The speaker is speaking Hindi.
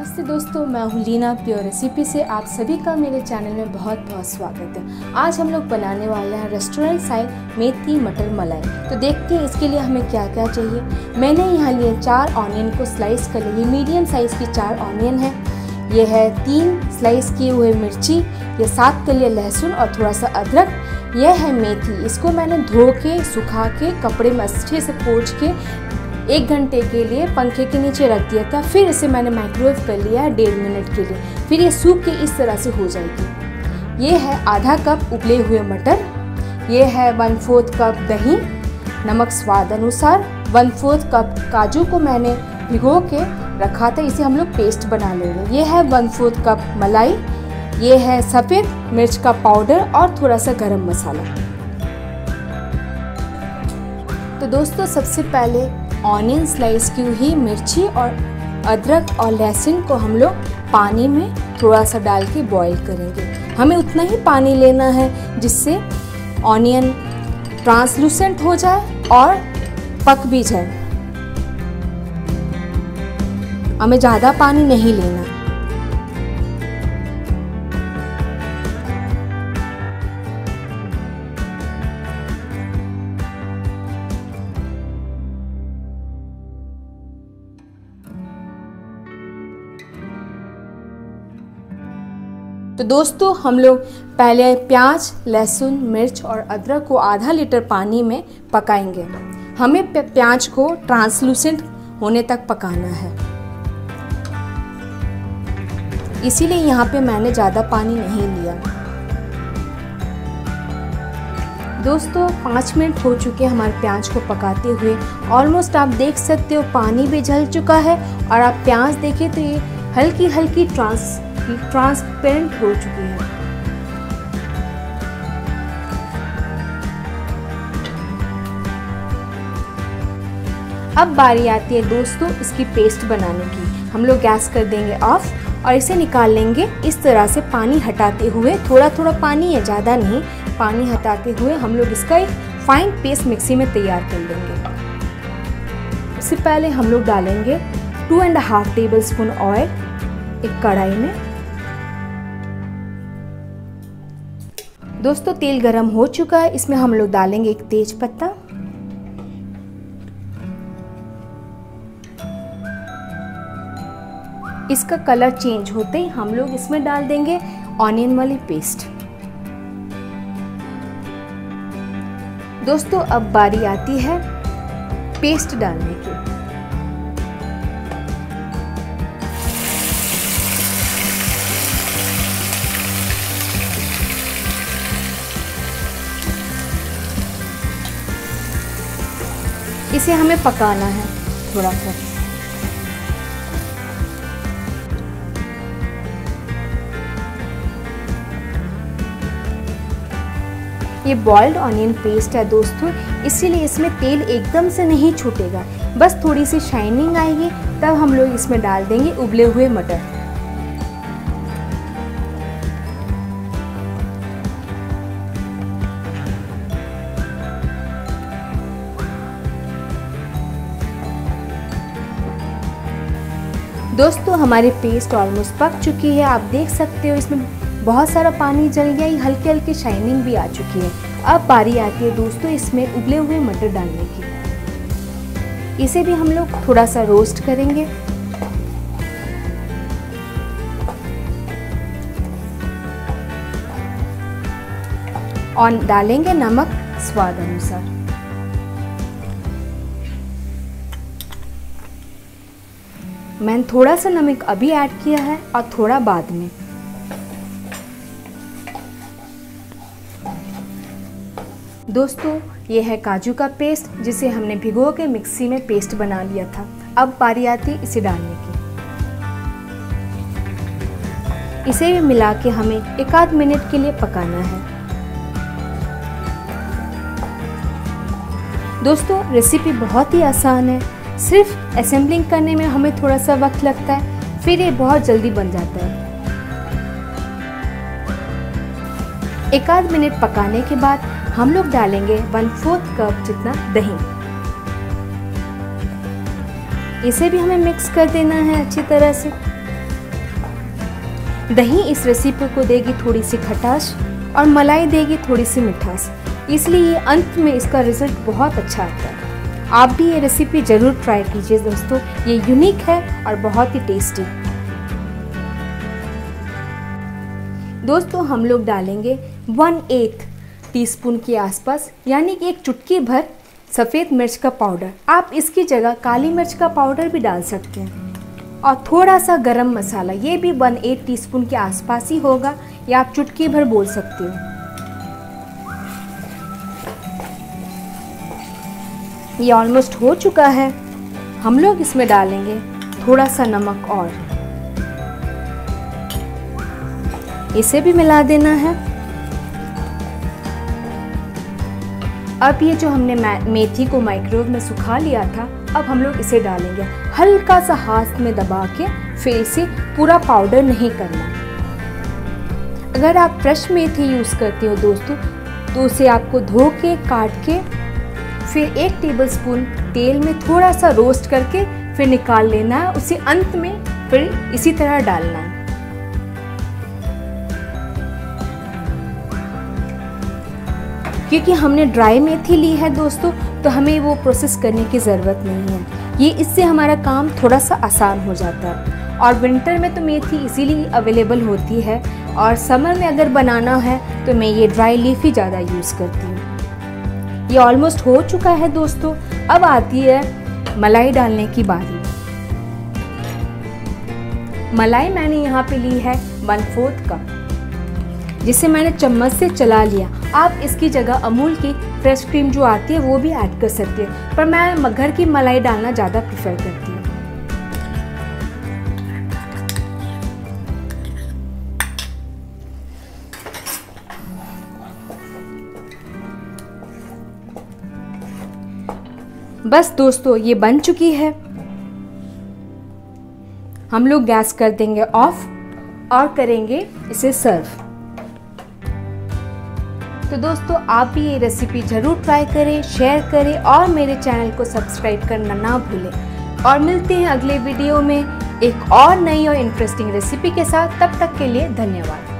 नमस्ते दोस्तों मैं हूँ लीना प्योर रेसिपी से आप सभी का मेरे चैनल में बहुत बहुत स्वागत है आज हम लोग बनाने वाले हैं रेस्टोरेंट साइड मेथी मटर मलाई तो देखते हैं इसके लिए हमें क्या क्या चाहिए मैंने यहाँ लिए चार ऑनियन को स्लाइस कर लिए मीडियम साइज़ की चार ऑनियन है ये है तीन स्लाइस किए हुए मिर्ची ये सात के लिए लहसुन और थोड़ा सा अदरक यह है मेथी इसको मैंने धो के सुखा के कपड़े में अच्छे से पोच के एक घंटे के लिए पंखे के नीचे रख दिया था फिर इसे मैंने माइक्रोवेव कर लिया है डेढ़ मिनट के लिए फिर ये सूख के इस तरह से हो जाएगी ये है आधा कप उबले हुए मटर ये है वन फोर्थ कप दही नमक स्वाद अनुसार वन फोर्थ कप काजू को मैंने भिगो के रखा था इसे हम लोग पेस्ट बना लेंगे ये है वन फोर्थ कप मलाई ये है सफ़ेद मिर्च का पाउडर और थोड़ा सा गरम मसाला तो दोस्तों सबसे पहले ऑनियन स्लाइस की हुई मिर्ची और अदरक और लहसुन को हम लोग पानी में थोड़ा सा डाल के बॉईल करेंगे हमें उतना ही पानी लेना है जिससे ऑनियन ट्रांसलूसेंट हो जाए और पक भी जाए हमें ज़्यादा पानी नहीं लेना तो दोस्तों हम लोग पहले प्याज लहसुन मिर्च और अदरक को आधा लीटर पानी में पकाएंगे हमें प्याज को ट्रांसलूसेंट होने तक पकाना है इसीलिए यहाँ पे मैंने ज़्यादा पानी नहीं लिया दोस्तों पाँच मिनट हो चुके हमारे प्याज को पकाते हुए ऑलमोस्ट आप देख सकते हो पानी भी जल चुका है और आप प्याज देखें तो ये हल्की हल्की ट्रांस की ट्रांसपेरेंट हो चुकी है अब बारी आती है दोस्तों इसकी पेस्ट बनाने की हम लोग गैस कर देंगे ऑफ और इसे निकाल लेंगे इस तरह से पानी हटाते हुए थोड़ा थोड़ा पानी है ज़्यादा नहीं पानी हटाते हुए हम लोग इसका एक फाइन पेस्ट मिक्सी में तैयार कर लेंगे इससे पहले हम लोग डालेंगे two and half tablespoon oil एक कढ़ाई में दोस्तों तेल गरम हो चुका है इसमें हम लोग डालेंगे एक तेज पत्ता इसका कलर चेंज होते ही हम लोग इसमें डाल देंगे ऑनियन वाली पेस्ट दोस्तों अब बारी आती है पेस्ट डालने की इसे हमें पकाना है थोड़ा सा ये बॉइल्ड ऑनियन पेस्ट है दोस्तों इसीलिए इसमें तेल एकदम से नहीं छूटेगा बस थोड़ी सी शाइनिंग आएगी तब हम लोग इसमें डाल देंगे उबले हुए मटर दोस्तों हमारी पेस्ट ऑलमोस्ट पक चुकी है आप देख सकते हो इसमें बहुत सारा पानी जल गया ये हल्की शाइनिंग भी आ चुकी है अब बारी आती है दोस्तों इसमें उबले हुए मटर डालने की इसे भी हम लोग थोड़ा सा रोस्ट करेंगे और डालेंगे नमक स्वाद अनुसार मैंने थोड़ा सा नमक अभी ऐड किया है और थोड़ा बाद में दोस्तों ये है काजू का पेस्ट जिसे हमने भिगो के मिक्सी में पेस्ट बना लिया था अब पारी आती इसे डालने की इसे भी मिला के हमें एक आध मिनट के लिए पकाना है दोस्तों रेसिपी बहुत ही आसान है सिर्फ असेंबलिंग करने में हमें थोड़ा सा वक्त लगता है फिर ये बहुत जल्दी बन जाता है एक आध मिनट पकाने के बाद हम लोग डालेंगे वन फोर्थ कप जितना दही इसे भी हमें मिक्स कर देना है अच्छी तरह से दही इस रेसिपी को देगी थोड़ी सी खटास और मलाई देगी थोड़ी सी मिठास इसलिए अंत में इसका रिजल्ट बहुत अच्छा आता है आप भी ये रेसिपी ज़रूर ट्राई कीजिए दोस्तों ये यूनिक है और बहुत ही टेस्टी दोस्तों हम लोग डालेंगे वन एथ टीस्पून के आसपास यानी कि एक चुटकी भर सफ़ेद मिर्च का पाउडर आप इसकी जगह काली मिर्च का पाउडर भी डाल सकते हैं और थोड़ा सा गरम मसाला ये भी वन एट टी के आसपास ही होगा या आप चुटकी भर बोल सकते हो ये ऑलमोस्ट हो चुका है हम लोग इसमें डालेंगे थोड़ा सा नमक और इसे भी मिला देना है अब ये जो हमने मेथी को माइक्रोवेव में सुखा लिया था अब हम लोग इसे डालेंगे हल्का सा हाथ में दबा के फिर इसे पूरा पाउडर नहीं करना अगर आप फ्रेश मेथी यूज़ करते हो दोस्तों तो उसे आपको धो के काट के फिर एक टेबल स्पून तेल में थोड़ा सा रोस्ट करके फिर निकाल लेना है उसे अंत में फिर इसी तरह डालना है क्योंकि हमने ड्राई मेथी ली है दोस्तों तो हमें वो प्रोसेस करने की ज़रूरत नहीं है ये इससे हमारा काम थोड़ा सा आसान हो जाता है और विंटर में तो मेथी इजीली अवेलेबल होती है और समर में अगर बनाना है तो मैं ये ड्राई लीफ ही ज़्यादा यूज़ करती हूँ ये ऑलमोस्ट हो चुका है दोस्तों अब आती है मलाई डालने की बारी मलाई मैंने यहाँ पे ली है वन फोर्थ कप जिसे मैंने चम्मच से चला लिया आप इसकी जगह अमूल की फ्रेश क्रीम जो आती है वो भी ऐड कर सकते हैं पर मैं घर की मलाई डालना ज़्यादा प्रेफर करती हूँ बस दोस्तों ये बन चुकी है हम लोग गैस कर देंगे ऑफ और करेंगे इसे सर्व तो दोस्तों आप भी ये रेसिपी ज़रूर ट्राई करें शेयर करें और मेरे चैनल को सब्सक्राइब करना ना भूलें और मिलते हैं अगले वीडियो में एक और नई और इंटरेस्टिंग रेसिपी के साथ तब तक के लिए धन्यवाद